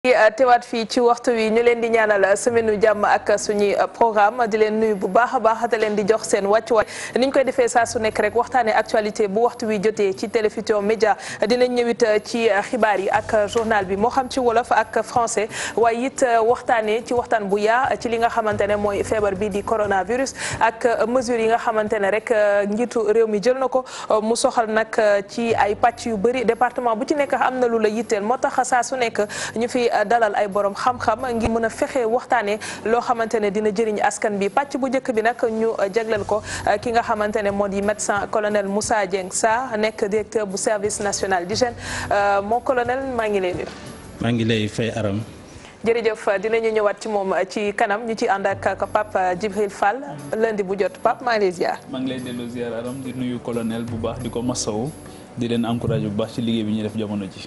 di uh, teewaat fii ci waxtu wi ñu leen di ñaanal uh, semaine jàmm ak suñuy uh, programme di leen nuyu bu baax a baax te leen di jox seen wàccuwaay ni ñu koy defee saa su nekk rek waxtaanee actualité bu waxtu wi jotee ci Télé média Médias dinañ ñëwit ci xibaar yi ak journal bi moo xam ci wolof ak français waaye it waxtaanee ci waxtaan bu yaa ci li nga xamante ne mooy feebar bi di coronavirus ak mesures yi nga xamante ne rek njiitu réew mi jël na ko mu soxal nag ci ay pàcc yu bëri département bu ci nekk am na lu la dalal ay boroom xam-xam ngir mën a fexe waxtaanee loo xamante ne dina jëriñ askan bi pàcc bu njëkk bi nag ñu uh, jagleel ko uh, ki nga xamante ne moo di médecin colonel mussa Dieng Sarr nekk directeur bu service national d'hygiène uh, moo colonel maa ngi lay nuyu. maa ngi lay fay aram. jërëjëf dinañu ñëwaat ci moom ci kanam ñu ci ànd ak Pape Djibril Fall lundi bu jot Pape maa ngi lay ziar. maa ngi aram di nuyu colonel bu baax di ko masawu. di leen encouragé bu baax ci liggéey bi ñu def jamono ji.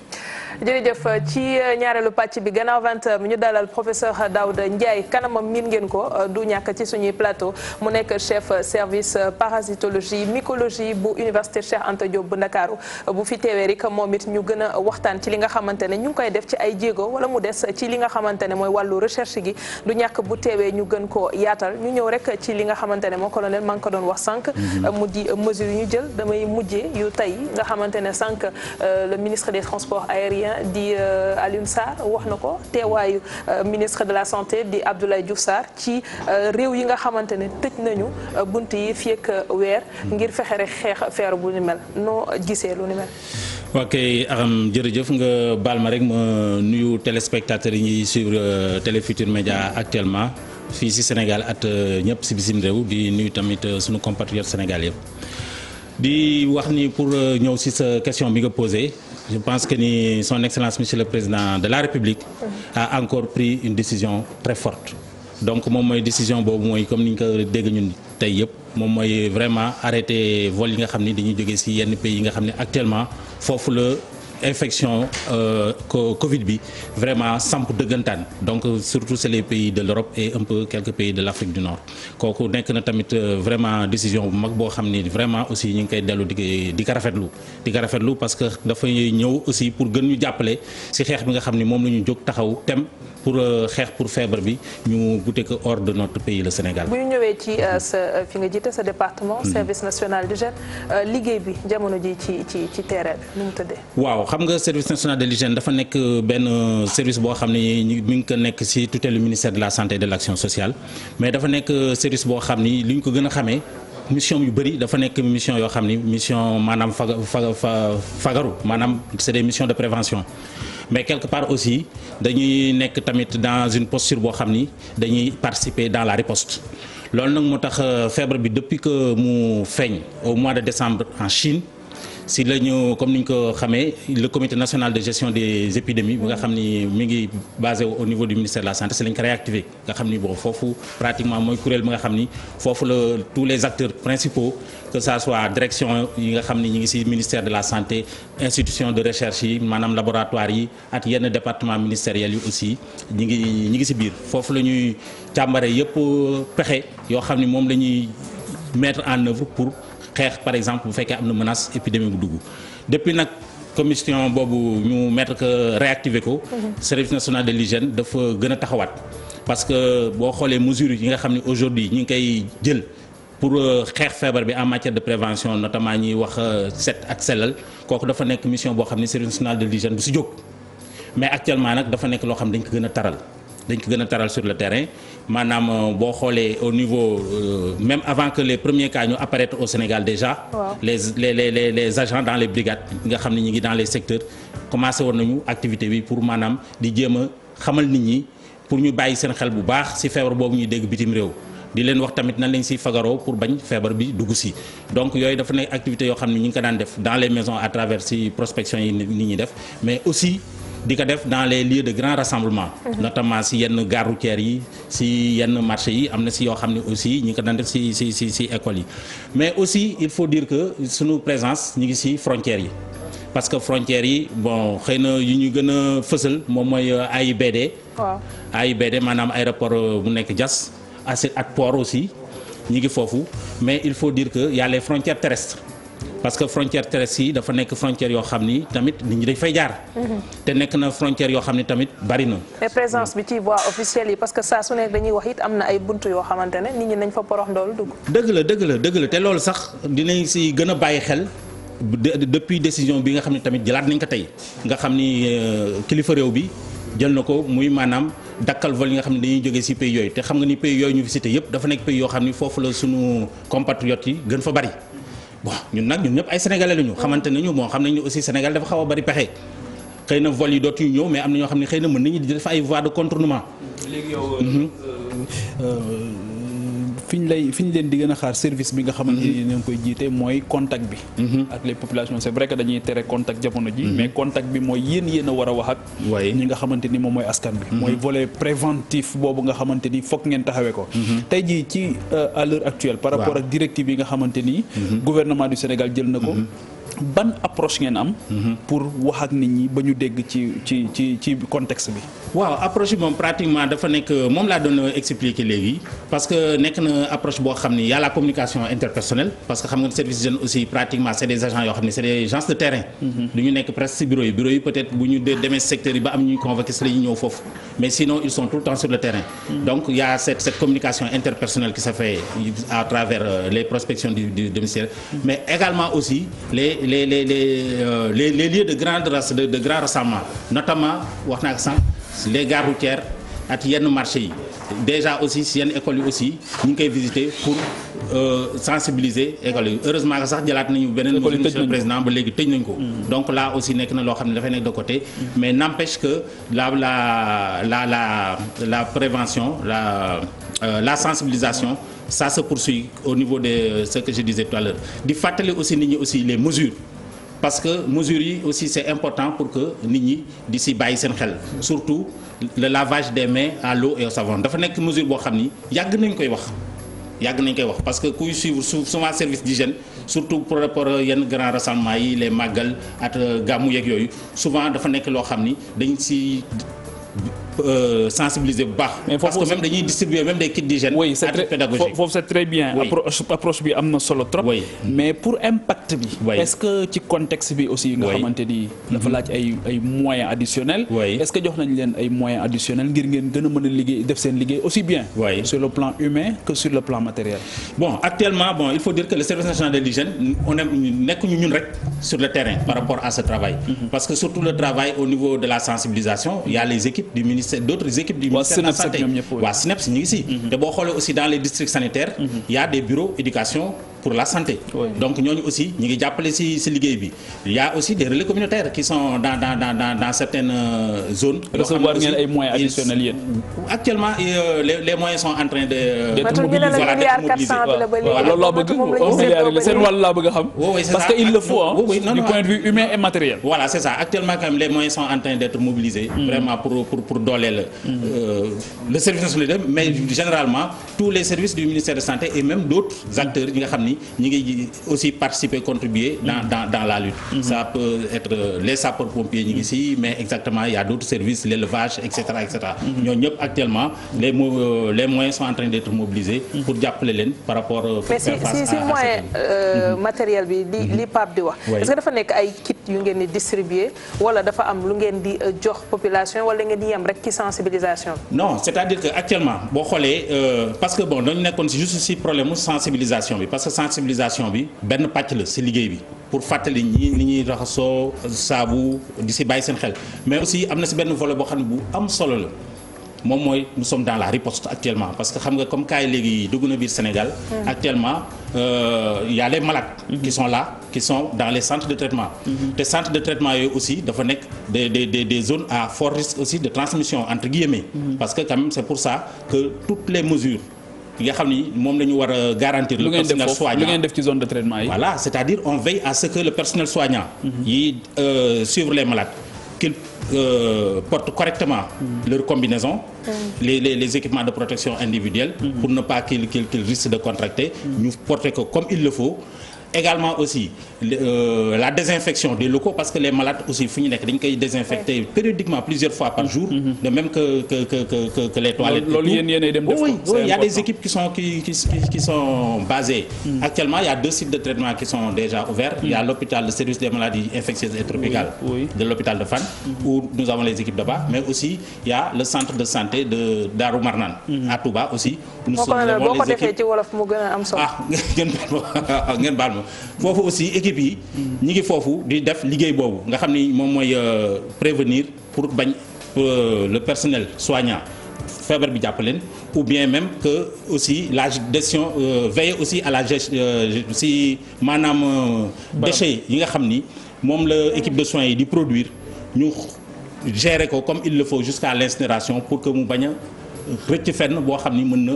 jërëjëf ci ñaareelu pàcc bi gannaaw vingt bi ñu dalal professeur Daouda Ndiaye kanamam miin ngeen ko du ñàkk ci suñuy plateau mu nekk chef service parasitologie mycologie bu université Cheikh Anta Diop bu Ndakaaru bu fi teewee rek moom it ñu gën a waxtaan ci li nga xamante ne ñu ngi koy def ci ay jéego wala mu des ci li nga xamante ne mooy wàllu recherche gi du ñàkk bu teewee ñu gën ko yaatal ñu ñëw rek ci li nga xamante ne moo colonel maa ngi ko doon wax sànq. Mhm. mu di mesure yu ñu jël damay mujjee xamante ne sànq euh, le ministre des transports aériens di euh, Alioune Sarr wax na ko teewaayu euh, ministre de la santé di Abdoulaye Diouf Sarr ci réew yi nga xamante ne tëj nañu bunt yi fii weer ngir fexe rek xeex feer bu ni noo gisee lu ni mel. waa jërëjëf nga baal ma rek ma nuyu téléspectateurs yi ñuy suivre Télé Futurs Médias actuellement fii ci Sénégal at ñëpp ci bisim réew bi nuyu tamit sunu compatriotes sénégal yëpp. di wax ni pour euh, ñëw si sa question bi nga posé je pense que ni son excellence monsieur le président de la république a encore pris une décision très forte donc moom mooy décision boobu mooy comme ni ñu ko dégg ñun tey yëpp moom mooy vraiment arrêté vol yi nga xam ni dañuy jógee ci yenn pays yi nga xam ne actuellement foofu la infection euh, Covid bi vraiment samp dëggantaan donc surtout c'est les pays de l'Europe et un peu quelques pays de l'Afrique du Nord kooku nekk na tamit euh, vraiment décision bu mag boo xam ni vraiment aussi ñu ngi koy dellu di di ko rafetlu di ko rafetlu parce que dafay ñëw aussi pour gën ñu jàppale ci xeex bi nga xam ni moom la ñu jóg taxaw tem pour euh, xeex pour feebar bi ñu goûter ko hors de notre pays le Sénégal. bu ñu ñëwee ci euh, sa euh, fi nga jiite sa département. Mhm. service national de l'hygiène liggéey bi jamono ji ci ci ci terrain nu mu tëddee. waaw xam nga service national de l'hygiène dafa nekk benn service boo xam ne mi ngi ko nekk ci tutelle ministère de la santé et de l'action dafa nekk service boo xam ni li ko gën a xamee. mission yu bëri dafa nekk mission yoo xam ni mission maanaam faga faga fagaru maanaam c'est des missions de prévention mais quelque part aussi dañuy nekk tamit dans une posture boo xam ni dañuy participer dans la riposte loolu nag moo tax euh, feebar bi depuis que mu feeñ au mois de décembre en Chine si la ñu comme ni ñu ko xamee le comité national de gestion des épidémies bi nga xam ni mi ngi basé au niveau du ministère de la santé si la ñu ko réactivé nga xam ni bon foofu pratiquement mooy kuréel bi nga xam ni foofu la tous les acteurs principaux que ça soit direction yi nga xam ni ñu ngi si ministère de la santé institution de recherche yi maanaam laboratoire yi ak yenn département ministériels yi aussi ñi ngi si biir foofu la ñuy càmbare yëpp pexe ni moom la ñuy mettre xeex par exemple bu fekkee am na menace épidémie bu dugg depuis nag commission boobu ñu mettre que réactiver ko. Mhm. service national de l'hygiène dafa gën a taxawaat. parce que boo xoolee mesures yi nga xam ne aujourd'hui ñu ngi koy jël pour euh, xeex feebar bi en matière de prévention notamment ñuy wax euh, set ak sellal kooku dafa nekk mission boo xam ne service national de l'hygiène du si jóg mais actuellement nag dafa nekk loo xam dañ ko gën a taral. dañ ko gën a taral sur le terrain maanaam euh, boo xoolee au niveau euh, même avant que les premiers cas ñu apparaître au Sénégal déjà wow. les les les les agents dans les brigades nga xam ne ñu ngi dans les secteurs commencé woon nañu activité bi pour maanaam di jéem a xamal nit ñi pour ñu bàyyi seen xel bu baax ci feebar boobu ñuy dégg bitim réew di leen wax tamit nan lañ siy fagaroo pour bañ feebar bi dugg si donc yooyu dafa nekk activité yoo xam ne ñu ngi ko daan def dans les maisons à travers ci prospection yi nit ñi def di ko def dans les lieux de grands rassemblements mhm. notamment si yenn gare routière yi si yenn marché yi am na si yoo xam ne aussi ñi ngi ko daan def si si si si école yi mais aussi il faut dire que suñu présence ñi ngi si frontières yi parce que frontières yi bon xëy na yu ñu gën a fësal moom mooy euh, AIBD waaw AIBD maanaam aéroport euh, bu nekk Diass ak port aussi ñi ngi foofu mais il faut dire que y a les parce que frontière terrestre yi dafa nekk frontière yoo xam ni tamit nit ñi dañ fay jaar. te nekk na frontière yoo xam ni tamit bari na. mais présence bi ci voie officielle yi parce que saa su nekk dañuy wax it am na ay buntu yoo xamante ne nit ñi nañ fa porox ndool dugg. dëgg la dëgg la dëgg la te loolu sax dinañ si gën a bàyyi xel depuis décision bi nga xam ni tamit jëlaat nañ ko tey nga xam ni euh, kilifa réew bi jël na ko muy maanaam. dakkal vol yi nga xam ne dañuy jógee ci pays yooyu te xam nga ni pays yooyu ñu yëpp dafa nekk pays yoo xam ni foofu la sunu compatriotes yi gën fa bari bon ñun nag ñun ñëpp ay sénégalais la ñu xamante nañu moo xam nañu aussi Sénégal dafa xaw a bari pexe xëy na vol yi dootuñu ñëw mais am na ñoo xam ne xëy na mën nañu def ay voies de contournement léegi mhm. euh, euh, fi ñu lay fi ñu leen di a xaar service bi nga xamante ni koy jiite mooy contact bi mhm. ak les populations c'est vrai que dañuy tere contact jamono ji mhm. mais contact bi mooy yéen yéen a war a wax ak ñi nga xamante ni mooy askan bi mooy mhm. volet préventif boobu nga xamante ni ngeen taxawee ko tey jii ci euh, à l'heure actuelle par rapport ak directive yi nga xamante ni du Sénégal jël na ko ban approche ngeen am. Mhm. pour wax nit ñi ba ñu dégg ci ci contexte bi. waaw approche dafa nekk moom laa doon boo xam ni y a la communication interpersonnelle parce que xam nga service jeune aussi pratiquement c' des agents yoo xam ni c' des gens de terrain. Mhm. du ñu nekk presque si bureau yi bureau yi peut être bu ñu demee secteur yi ba am ñuy convoqué si la ñëw foofu mais sinon ils sont tout temps sur le terrain. Mhm. donc y a cette cette communication interpersonnelle qui se les les les euh, les les lieux de grande de de grand rassemblement notamment wax naa ko sànq les gares routières ak yenn marché yi déjà aussi si yenn école yi aussi ñu ngi koy visiter pour euh, sensibiliser écoles yi heureusement que sax jëlaat nañu beneen monsieur le président ba léegi tëj nañ ko mm. donc là aussi nekk na loo xam ne dafay nekk de côté mais n'empêche que la la la la la prévention la euh, la sensibilisation ça se poursuit au niveau de euh, ce que je disais tout di fàttali aussi nit ñi aussi les mesures parce que mesures yi aussi c'est important pour que nit ñi di si bàyyi seen xel surtout le lavage des mains à l'eau et au savon dafa nekk mesure boo xam ni yàgg nañ koy wax yàgg nañ koy wax parce que kuy suivre souvent service d'hygiène surtout par rapport yenn grand rassemblement yi les màggal at euh, gàmmu yeeg yooyu souvent dafa nekk loo xam ni dañ si Euh, sensibiliser bu baax. parce que dañuy distribuer même des kits d'hygiène. oui c'est très foofu c'est très bien. approche bi am na solo trop. mais pour impact bi. est-ce que ci contexte bi aussi. nga xamante ni dafa mhm. laaj ay ay moyens est-ce que jox nañ leen ay moyens additionnels ngir ngeen gën a mën liggéey def seen liggéey aussi bien. sur le plan humain que sur le plan matériel. bon actuellement il faut dire que le service national de l'hygiène ministère d' autres équipes du santé waa SNEPS ñu ngi si mm-hmm. te boo xoolee aussi dans les districts sanitaires mm-hmm. y des bureaux éducation pour la santé. Oui. donc ñooñu aussi ñu ngi jàppale ci liggéey bi. il y a aussi des relais communautaires qui sont dans dans dans certaines euh, zones. recevoir actuellement euh, les moyens sont en train de. d'être mobilisés voilà bëgg a xam. parce que il le faut ah du point de vue humain et matériel. voilà c'est ça actuellement quand les moyens sont en train d'être mobilisés. Mm. vraiment pour dooleel. Euh, le service national mais généralement tous les services du ministère de ni ñu ngi aussi participer contribuer dans mm-hmm. dans la lutte. Mm-hmm. ça peut être les sapeurs pompiers ñu ngi si mais exactement il y a l'élevage et cetera et cetera. Mm-hmm. actuellement euh, les moyens sont en train d'être mobilisés. pour jàppale leen par rapport. Euh, pour faire à si si moyen euh, matériel bi li li di wax. est que dafa nekk ay kit yu ngeen di distribuer wala dafa am lu ngeen di jox population wala ngeen di yem rek ci sensibilisation non c'est-à-dire que sensibilisation bi benn pàcc la si liggéey bi pour fàttali ñi ni ñuy raxasoo saabu di si bàyyi seen xel mais aussi am na si benn volet boo xam ne bu am solo la moom mooy nous sommes dans la riposte actuellement parce que xam nga comme kaay léegi dugg na biir Sénégal. Hmm. actuellement euh, y a les malades. Hmm. qui sont là dans les centres de traitement. Hmm. te centres de traitement yooyu dafa nekk des des des zones à fort risque de transmission entre guillemets. parce que quand yi nga xam ni moom la ñu war a garantir. lu ngeen def ci zone de traitement yi. voilà c'est-à-dire on veille à ce que le personnel soignant. Mhm. yi euh, suivre les malades. quil euh, portent correctement mmh. leur combinaison, mhm. les, les, les, équipements de protection individuelle, mmh. pour ne pas qu'ils qu de contracter, nous mhm. porter comme il le faut. également aussi euh, la désinfection des locaux parce que les malades aussi fu ñu nekk dañ koy désinfecter périodiquement plusieurs fois par jour. Mm-hmm. de même que que que que que les toilettes. loolu yéen yéenay dem def ko oui basées. Mm. actuellement il y deux sites de traitement qui sont déjà ouverts. il y mm. l'hôpital de service des maladies infectieuses et tropicales. de l'hôpital de Fann. Mm-hmm. où nous avons les équipes de bas mais aussi il y le centre de santé de Darou Marnane. Mm-hmm. à foofu aussi équipe yi. ñi ngi foofu di def liggéey boobu nga xam ni moom mooy euh, prévenir pour bañ euh, le personnel soignant feebar bi jàpp leen ou bien même que aussi la gestion euh, aussi à la gestion euh, si maanaam. déchets yi nga xam ni moom la équipe de soins yi di produire ñu gérer ko comme il le faut jusqu'à l'incinération pour que mu bañ rëcc fenn boo xam ni mën na.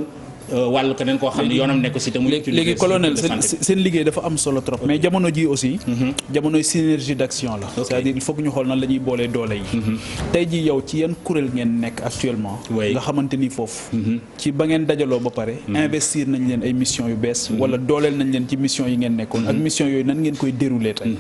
Euh, wàllu keneen koo xam ne yoonam nekk si te mu léegi colonel seen seen liggéey dafa am solo trop mais jamono ji aussi mhm. jamonoy synergie d'action la c'est-à-dire ñu xool nan la ñuy boolee doole yi mhm. tey ji yow ci yan kuréel ngeen nekk actuellement nga xamante ni foofu mhm. ci ba ngeen dajaloo ba pare investir nañ leen ay mission yu bees wala dooleel nañ leen ci mission yi ngeen nekkoon ak mission yooyu nan ngeen koy dérouler tey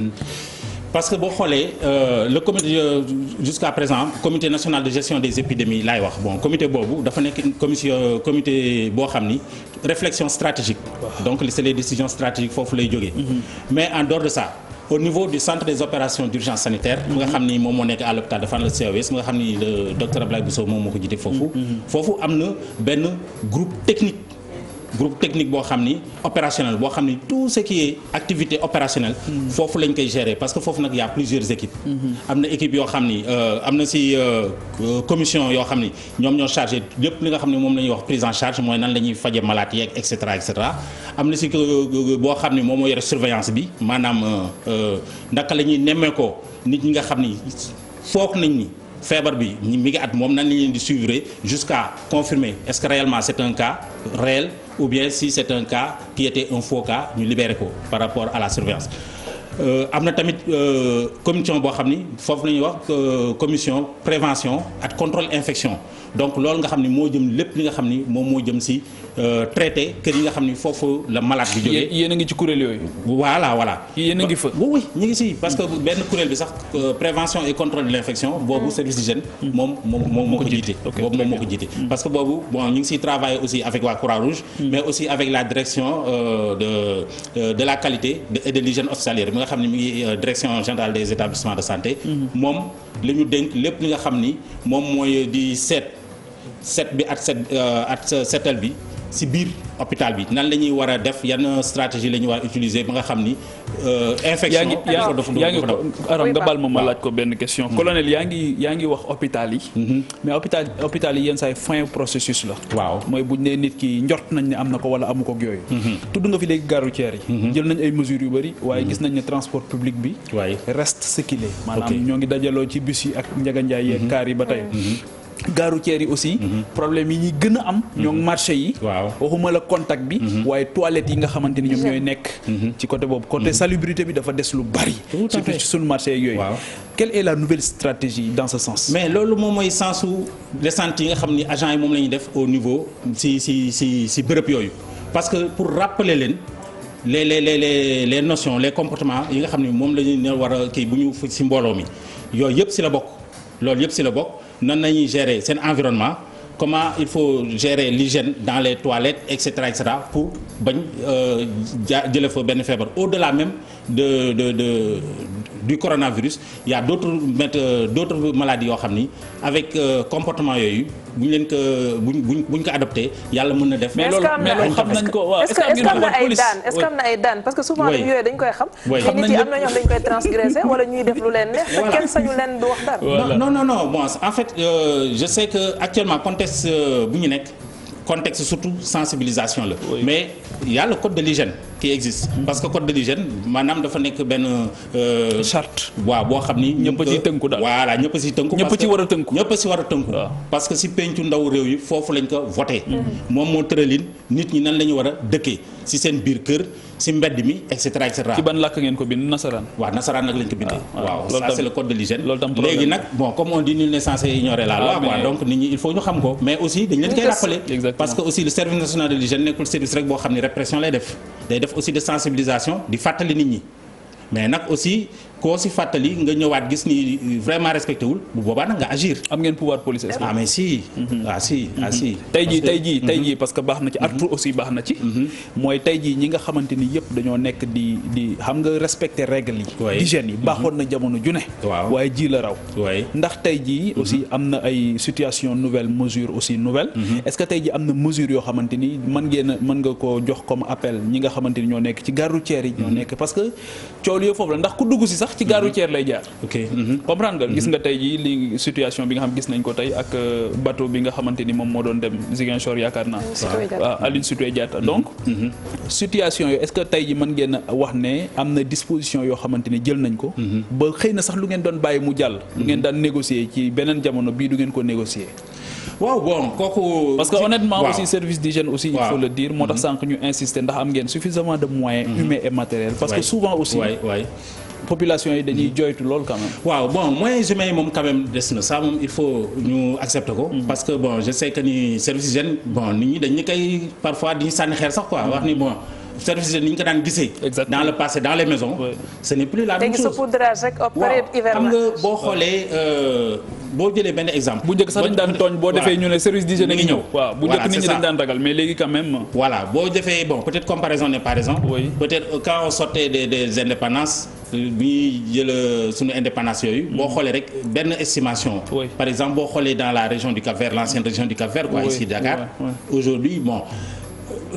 parce que boo xoolee euh, le comité euh, jusqu'à présent comité national de gestion des épidémies laay wax bon comité boobu dafa nekk commission euh, comité boo xam ni réflexion stratégique donc c'est les décisions stratégiques foofu lay jógee mm-hmm. mais en dehors de ça au niveau du centre des opérations d'urgence sanitaire mu nga mm-hmm. xam ni moom moo nekk à l'hôpital de Fann le COS mu nga xam ni le docteur Ablaye Bousso moom moo ko jiite foofu mm-hmm. foofu am na benn groupe technique groupe technique boo xam ni opérationnel boo xam ni tout ce qui est activité opérationnelle. Hmm. foofu lañ koy gérer parce que foofu nag y' a plusieurs équipes. Hmm. am na équipe yoo xam ni euh, am na si euh, euh, commission yoo xam ni ñoom ñoo chargé lépp li nga xam ne moom la ñuy wax prise en charge mooy ñuy faje malade yeeg et cetera et cetera am na si boo xam ni moom moo yore surveillance bi maanaam naka la ñuy nemmeekoo nit ñi nga xam ni foog nañ ni. feebar bi mi ngi at moom na la ñu leen di suivre jusqu'à confirmer est-ce que réellement c'est ou bien si c'est un cas qui était un faux cas ñu libéré ko par rapport à la surveillance euh, am na tamit euh, commission boo xam ni foofu la ñuy wax euh, commission prévention ak contrôle infection donc loolu nga xam ni moo jëm lépp li nga xam ni moom moo jëm si euh, traité kër yi nga xam ni foofu la malade bi jógee. yéen a ngi ci kuréel yooyu. voilà voilà. yéen a ngi fa oui ñu ngi si parce que benn kuréel bi sax euh, prévention et contrôle de l'infection. boobu mm. service d'hygiène. Mm. moom moom moo ko jiite boobu moom moo ko jiite. Mm. parce que boobu bon ñu ngi siy travailler aussi avec waa Croix-Rouge. mais aussi avec la direction euh, de la qualité et de l'hygiène hospitalière nga xam ni mi ngi direction générale des établissements de santé. moom la ñu dénk lépp li nga xam ni moom mooy di seet. set bi ak set euh, ak setal bi si biir hôpital bi nan la ñuy a def yan stratégie la ñu war ba nga xam ni. Euh, infection yaa ngi yaa ngi Aram nga baal ma ma laaj ko benn question. Mhm. colonel yaa ngi yaa ngi mhm. la. waaw mooy bu ñu nee nit ki njort na ko wala amu ko ak yooyu. Mhm. tudd nga fi léegi gare routière yi. jël nañ ay mesures yu bëri. waaye gis nañ ne transport public bi. waay reste maanaam ñoo ngi dajaloo ci bus yi ak njaganjaay yeeg kaar yi ba tey. gare routière yi aussi. Mhm. problème yi ñuy gën a am. Mhm. ñoom marché yi. waaw waxuma la contact bi. Mhm. waaye toilettes yi nga xamante ni ñoom ñooy nekk. ci côté boobu côté salubrité bi dafa des lu bari. surtout ci suñu marché yeeg yooyu. quelle est la nouvelle stratégie dans ce sens. mais loolu moom mooy sensu descente yi nga xam ni agent yi moom la def au niveau si si si si bërëb yooyu parce que pour rappeler leen. les les les les notions les comportement yi nga xam ne moom la ñu war kii bu ñu si mbooloo mi yooyu yëpp si la bokk loolu yëpp si la bokk non la ñuy gérer seen environnement comment il faut gérer l'hygiène dans les toilettes et cetera et cetera pour bañ euh, jële fa benn feebar au-delà même de de de du coronavirus il y a d'autres euh, d'autres maladies yoo xam ni avec euh, comportement yooyu bu ñu leen ko buñ buñ ko adopté yàlla mën na def. mais loolu mais loolu xam nañ ko waaw est-ce que est-ce que am na ay daan est-ce que am na ay daan parce que souvent yooyu dañ koy xam. te nit yi am na ñoo xam dañ koy transgressé wala ñuy def lu leen neex. te kenn sañu leen du wax dara. non non non bon en fait euh, je sais que actuellement contexte euh, bu ñu nekk. contexte surtout sensibilisation la mais yàlla y code de l'hygiène qui existe mm. parce que code de l'hygiène maanaam dafa nekk benn euh, chart waaw boo xam ni ñëpp ci tënku daal voilà ñëpp ci tënku ñëpp ci war a tënku ñëpp ci war a tënku ah. parce que si pencu ndaw réew yi foofu lañ ko voté mm. moom moo tëralin nit ñi nan lañu ñu war a dëkkee si seen biir kër si mbedd mi et cetera et cetera. ci làkk ngeen ko bind nasaraan. waaw nasaraan nag lañ ko bindee. Ah, ah. waaw ça c'est de l'hygiène. léegi nag bon comme on dit nul n'est censé ignorer la ah, donc nit ñi il faut ñu xam ko. mais aussi dañ leen koy rappeler. parce que aussi le service national de l'hygiène nekkul service rek boo xam ne répression lay def. day def aussi de sensibilisation di fàttali nit ñi mais nag aussi koo si fàttali nga ñëwaat gis ni vraiment respecté wul bu boobaa nga agir. am ngeen pouvoir police est-ce que. ah mais si. Mhm. ah si ah parce que baax na ci artu mhm. aussi baax na ci. Mhm. mooy tey jii ñi nga xamante ni yëpp dañoo nekk di di xam nga respecté règle yi. hygiène yi baaxoon na jamono ju ne. waaw waaye ji la raw. ndax tey jii. aussi am na ay situation nouvelle mesure aussi nouvelle. est-ce que tey jii am na mesure yoo xamante ni mën ngeen a mën nga koo jox comme appel ñi nga ni ñoo nekk ci gare routière yi. ñoo sax ci gare mhm. routière lay jaar. Mhm. comprendre nga gis mhm. nga tey jii li situation bi nga xam gis nañ ko tey ak euh, bateau bi nga xamante ni moom moo doon dem Ziguinchor yaakaar naa. waaw Aline Sitoé Diatta donc. situation yooyu est-ce que tey jii man ngeen wax ne am na disposition yoo xamante ni jël nañ ko. ba xëy na sax lu ngeen doon bàyyi mu jàll. lu ngeen daan négocier ci beneen jamono bii du ngeen ko négocier. waaw bon kooku. parce que honnêtement wow. aussi service d'hygiène aussi. Wow. il faut le dire moo tax sànq ñu insister ndax am ngeen suffisamment de moyens. Mm -hmm. humains et matériels. parce ouais. population yi dañuy joytu lool quand waaw bon moyens humains yi moom quand des na ça moom il faut ñu accepter ko. Mm-hmm. parce que bon je sais que ni service jeune bon nit ñi dañu koy parfois di sànni xeer sax quoi wax ni bon. service de ni ñu ko daan gisee. dans le passé dans les maisons. ce n'est plus la même boo xoolee euh, boo jëlee benn exemple. bu njëkk sax boo defee ñu ne service d'hygiène ngi ñëw. bu njëkk nit ñi daan ragal mais léegi quand même. boo defee peut-être comparaison bi jël euh, suñu indépendance yooyu. boo mm-hmm. xoolee rek benn estimation. Oui. par exemple bo xoolee dans la région du Cap-Vert l'ancienne région du Cap-Vert. quoi oui. ici Dakar aujourd'hui bon.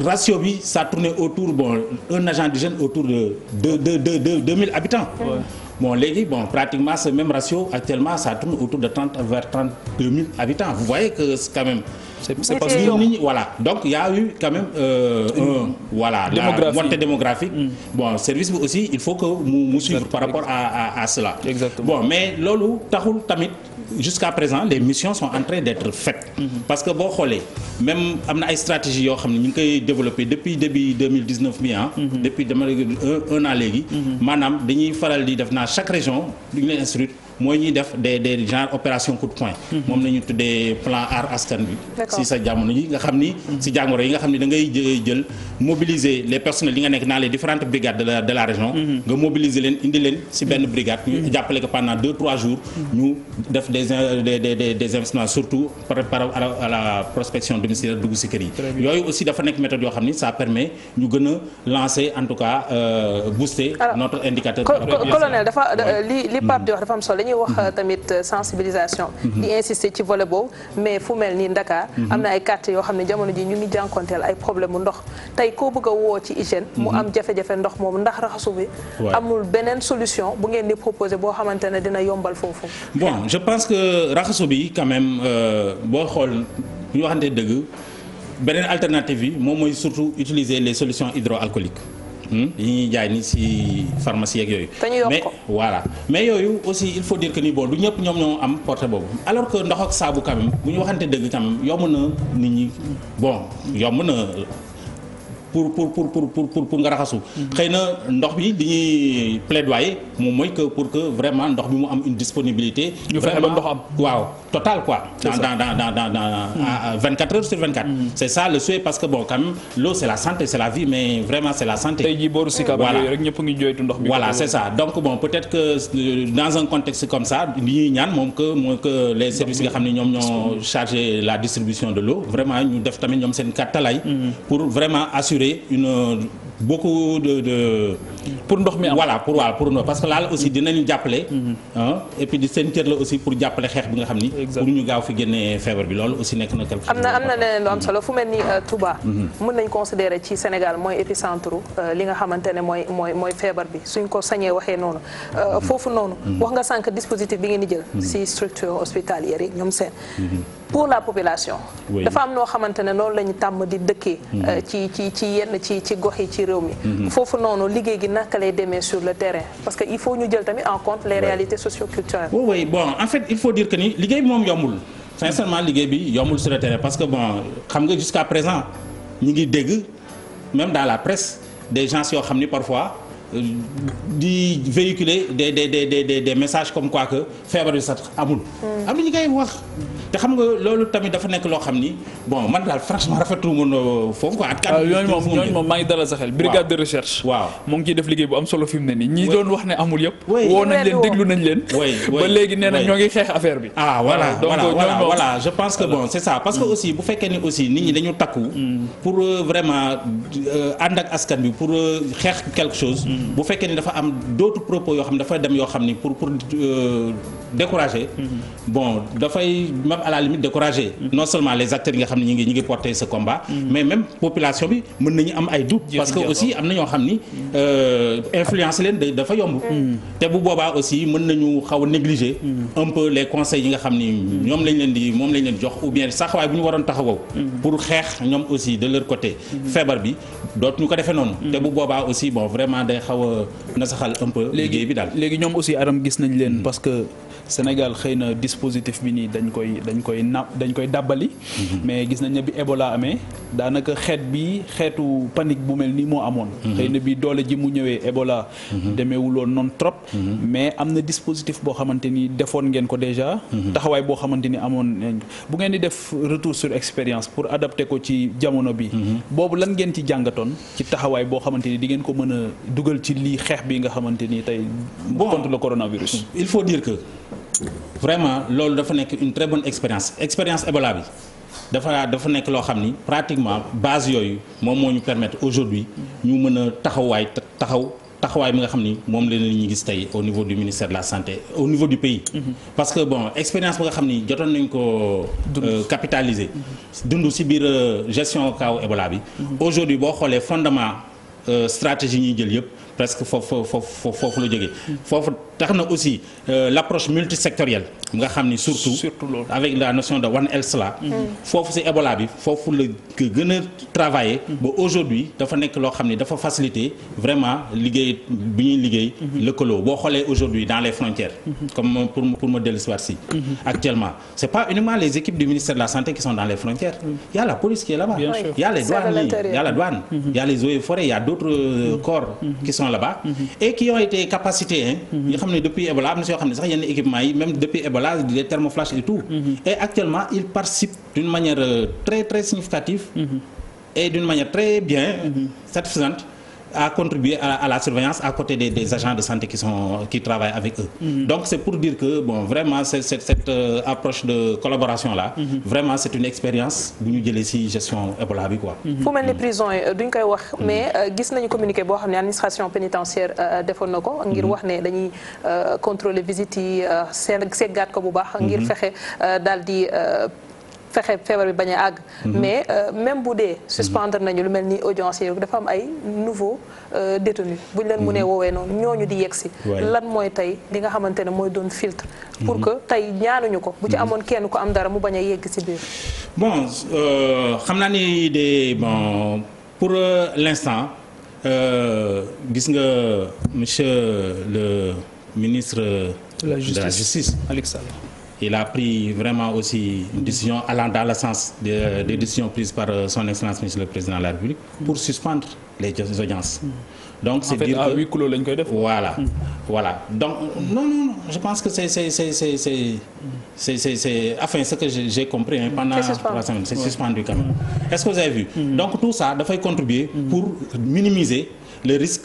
ratio bi ça tournait autour un agent du jeune autour de de de de deux mille habitants. bon léegi bon pratiquement ce même ratio actuellement ça tourne autour de 30 vers 32 000 habitants vous voyez que c'est c'est parce que nit voilà donc il y a eu quand même euh, un, voilà la montée démographique mm. bon service bi aussi il faut que mu mu suivre par rapport à à à cela. bon mais loolu taxul tamit. jusqu'à présent les missions sont en train d'être faites. Mhm. parce que boo xoolee même am na ay stratégies yoo xam ne ñu ngi koy développé depuis début 2019 bi ah. Mhm. depuis dama un an léegi. Mhm. maanaam dañuy faral di def naa chaque région duñu lay instruire. mooy ñuy def des genre opération coup de mhm. moom la tuddee plan aar askan bi. si sa jamono yi nga xam ni. Mhm. si jàngoro yi nga xam ni da ngay jël mobiliser les personnels yi nga nekk dans les différentes brigades de la région. Mhm. nga mobiliser leen indi leen si benn brigade. ñu jàppale ko pendant deux trois jours. ñu def des des des des investissements surtout par par à la prospection domiciliaire dugg si kër yi. yooyu aussi dafa nekk méthode yoo xam ni ça permet ñu gën a en tout cas euh, booster. notre indicateur colonel dafa ngi wax euh, tamit euh, sensibilisation mhm. di insister ci volet boobu mais fu mel nii Dakar mhm. am na ay quartiers yoo xam ne jamono ji ñu ngi jànkonteel ay problème mu ndox tey koo bëgg a woo ci hygiène mu mhm. am jafe-jafe ndox moom ndax raxasu bi amul beneen solution bu ngeen di proposé boo xamante ne dina yombal foofu bon je pense que raxasu bi quand même euh, boo xool ñu waxante dëgg beneen alternative bi moom mooy surtout utiliser les solutions hydroalcooliques Hmm? yi ñuy jaay ni si pharmacie ak yooyu. ko voilà mais yooyu aussi il faut dire que ni bon du ñëpp ñoom ñoo am porté boobu alors que ndox ak saabu quand même bu ñu waxante dëgg quand même yomb na nit ñi bon yomb na. pour pour pour pour pour pour nga raxasu. xëy na ndox bi li ñuy plaidoyer moom mooy que pour que vraiment ndox mi mu am une disponibilité. vraiment ndox am waaw total quoi. dans dans dans dans dans hmm. 24 heures sur 24. c' est ça le souhait parce que bon quand même l'eau c' est la santé c' est la vie mais vraiment c' est la santé. tey jii booru Sicap rek ñëpp ngi jooytu ndox bi. voilà c' est ça donc bon peut euh, ñaan moom que mooy que les services nga xam ne ñoom ñoo chargé la distribution de l'eau vraiment ñu def tamit ñoom seen kàttalaay hmm. pour vraiment assurer une de de. pour ndox mi am voilà pour waaw pour ndox parce que laal aussi dinañu jàppale. Mhm. et puis di seen cër la aussi pour jàppale xeex bi nga xam ni. pour ñu gaaw fi génnee feebar bi loolu aussi nekk na. quelque chose am na am na leneen lu am solo fu mel ni euh, Touba. Mhm. mën nañ considérer ci Sénégal mooy épicentre euh, li nga xamante ne mooy mooy mooy feebar bi suñ ko sañee waxee noonu. Euh, mhm. foofu noonu. wax nga sànq dispositif bi ngeen di jël. si structure hospitalière yi ñoom seen. pour la population. dafa am noo xamante ne noonu la ñu tàmm di dëkkee. Mm-hmm. Euh, ci ci yenn ci ci gox yi ci réew mi. Mm-hmm. foofu noonu liggéey gi naka lay demee sur le terrain parce que il faut ñu jël tamit en compte les réalités socioculturelles. oui oui bon en fait il faut dire que ni liggéey bi moom yombul sincèrement liggéey bi yombul sur le terrain parce que bon xam nga jusqu'à présent ñu ngi dégg même dans la presse des gens yoo xam ni parfois. Euh, di véhiculer des des des des des messages comme quoi que feebar bi amul. Mm. te xam nga loolu tamit dafa nekk loo xam ni bon man daal franchement rafetlu ma ak kàddu yooyu ah, moom ñooñu moom maa ngi dalal sa xel. brigade de recherche. waaw mu ngi ciy def liggéey bu am solo fi mu ne nii. ñi doon wax ne amul yëpp. woo nañ leen déglu nañ leen. ba léegi nee na ñoo ngi xeex affaire bi. ah voilà voilà je pense que bon c'est ça parce que mm. aussi bu fekkee ni aussi nit ñi dañu takku. Mm. pour euh, vraiment euh, ànd ak askan bi pour euh, xeex quelque chose. Mm. bu fekkee ni dafa am d'autres propos yoo xam ne dafa dem yoo xam ni pour pour. découragé. Mm-hmm. bon dafay même à la limite découragé. Mm-hmm. non seulement les acteurs yi nga xam ne ñu ngi ñu ngi porter ce combat. Mm-hmm. mais même population bi mën nañu am ay doute. parce que aussi am na ñoo xam ni euh, influence leen dafa yomb. te bu boobaa aussi mën nañu xaw a négliger. peu les conseils yi nga xam ni ñoom lañ leen di moom lañ leen jox ou bien sax waaye bu ñu waroon taxawaw pour xeex ñoom aussi de leur côté. feebar bi dootuñu ko defee noonu. te bu boobaa aussi bon vraiment day xaw a nasaxal un peu. liggéey bi daal léegi ñoom aussi aram gis nañ leen parce que. Sénégal xëy na dispositif bi nii dañ koy dañ koy na dañ koy dàbbali mhm. mais gis nañ ne bi ébola amee daanaka xeet bi xeetu panique bu mel nii moo amoon mhm. xëy na bi doole ji mu ñëwee ébola mhm. demeewuloon noonu trop mais am na dispositif boo xamante ni defoon ngeen ko déjà taxawaay boo xamante ni amoon bu ngeen di def retour sur expérience pour adapter ko ci jamono bi boobu lan ngeen ci jàngatoon ci taxawaay boo xamante ni di ngeen ko mën a dugal ci lii xeex bi nga xamante ni tey contre le coronavirus il faut dire que vraiment loolu dafa nekk une très bon expérience expérience Ebola bi dafa dafa nekk loo xam ni pratiquement base yooyu moom moo ñu permettre aujourd'hui ñu mën a taxawaay taxaw taxawaay bi nga xam ni moom la ñu gis tey au niveau du ministère de la santé au niveau du pays. Mhm. parce que bon expérience bi nga xam ni jotoon nañ ko euh, capitaliser. Mhm. dundu si biir euh, gestion kaw Ebola bi. Mhm. aujourd'hui boo xoolee fondement euh, stratégie ñuy jël yëpp. presque foofu la jógee. foofu tax na aussi euh, l' approche multisectorielle nga xam ni surtout. avec la notion de One Health la. Mm. Mm. foofu si Ebola bi foofu la gën a travailler. Mm. ba aujourd'hui dafa nekk loo xam ni dafa faciliter vraiment liggéey bi ñuy liggéey. Mm-hmm. lëkkaloo boo aujourd'hui dans les frontières. Mm-hmm. comme pour pour ma dellu si mm-hmm. actuellement c' pas uniquement les équipes du ministère de la santé qui sont dans les frontières. y a la police a les douanes y a la douane. y a là mhm. et qui ont été capacités hein. Mhm. xam ne depuis Ebola am na si xam ne sax yenn équipement yi même depuis Ebola des thermoflash et tout. Mhm. et actuellement ils participent d'une manière euh, très très significative. et d'une manière très bien satisfaisante. à contribuer à, à la surveillance à côté des, des, agents de santé qui sont travaillent avec eux. Mm-hmm. Donc c'est pour dire que bon vraiment c'est cette euh, approche de collaboration là. Mm-hmm. vraiment c'est une expérience bu ñu jëlee si gestion Ebola bi quoi. Mm-hmm. fu mel ni prison yi euh, duñ koy wax mais euh, gis nañu communiqué boo xam ne administration pénitentiaire defoon na ko. ngir wax ne dañuy contrôler visite yi seggaat ko bu baax. ngir fexe daal di. fexe feebar bi bañ a àgg. Mhm. mais euh, même bu dee. suspendre mhm. nañu lu mel ni audience yi dafa am ay nouveau euh, détenus bu ñu leen mënee mhm. woowee noonu ñooñu di yegg si. lan mooy tey li nga xamante ne mooy doon filtre. pour que tey ñu ko. bu ci amoon kenn ku am dara mu bañ a yegg si biir. bon euh, xam naa ni de bon pour l'instant gis nga monsieur le ministre. de la justice de la il a pris vraiment aussi une décision allant dans le sens de décisions prises par euh, son excellence monsieur le président de la République pour suspendre les audiences. donc c'est dire que mm. voilà donc non non je pense que c'est c'est c'est c'est c'est c'est c'est enfin ce que j'ai compris pendant trois semaines même mm. est-ce que vous avez vu. Mm. donc tout ça dafay contribuer pour minimiser le risque.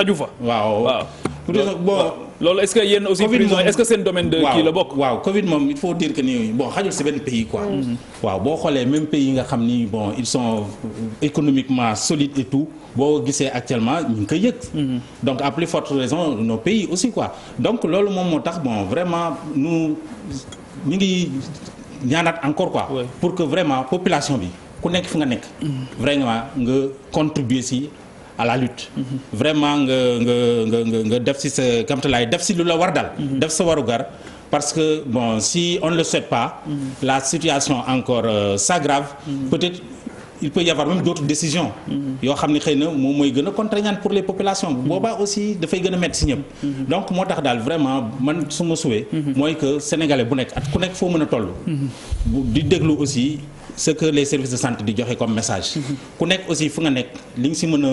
xaju fa. waaw waaw. loolu ce que yéen aussi. prison est-ce que seen domaine Covid moom il faut dire que ni xajul si benn pays quoi. Mm-hmm. waaw boo xoolee même pays nga xam ni bon ils sont économiquement solides et tout boo gisee actuellement ñu ngi koy yëg. Mm-hmm. donc à plus forte raison nos pays aussi quoi donc loolu moom moo tax bon vraiment nu ñu ngi ñaanaat encore quoi. pour que vraiment population bi ku nekk fi nga nekk. Mm-hmm. vraiment nga contribuer si. à la lutte. vraiment nga nga nga nga def si sa kamtalaay def si lu la war daal. def sa warugar parce que bon si on ne le souhaite pas. la situation encore euh, s'aggrave. peut-être il peut y avoir même d'autres décisions. yoo xam ne xëy na moom mooy gën a contraignante pour les populations. boobaa aussi dafay gën a métti si ñëpp. donc moo tax daal vraiment man su ma suwee. mooy que sénégalais bu nekk at ku nekk foo mën a toll. di déglu aussi ce que les services de santé di joxe comme message. ku nekk aussi fu nga nekk li nga si mën a.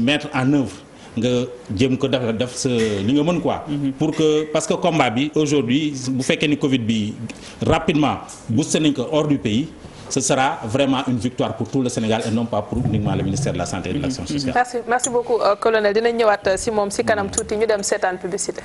mettre en œuvre nga jëm ko dafa def sa li nga mën quoi. Mhm. que parce que combat bi aujourd'hui bu fekkee ni Covid bi rapidement boosté nañ ko hors du pays. ce sera vraiment une victoire pour tout le Sénégal et non pas pour uniquement le ministère de la santé et de l'action mhm. sociale. merci merci euh, colonel dinañ ñëwaat euh, si moom si kanam mm. tuuti ñu dem seetaan publicité.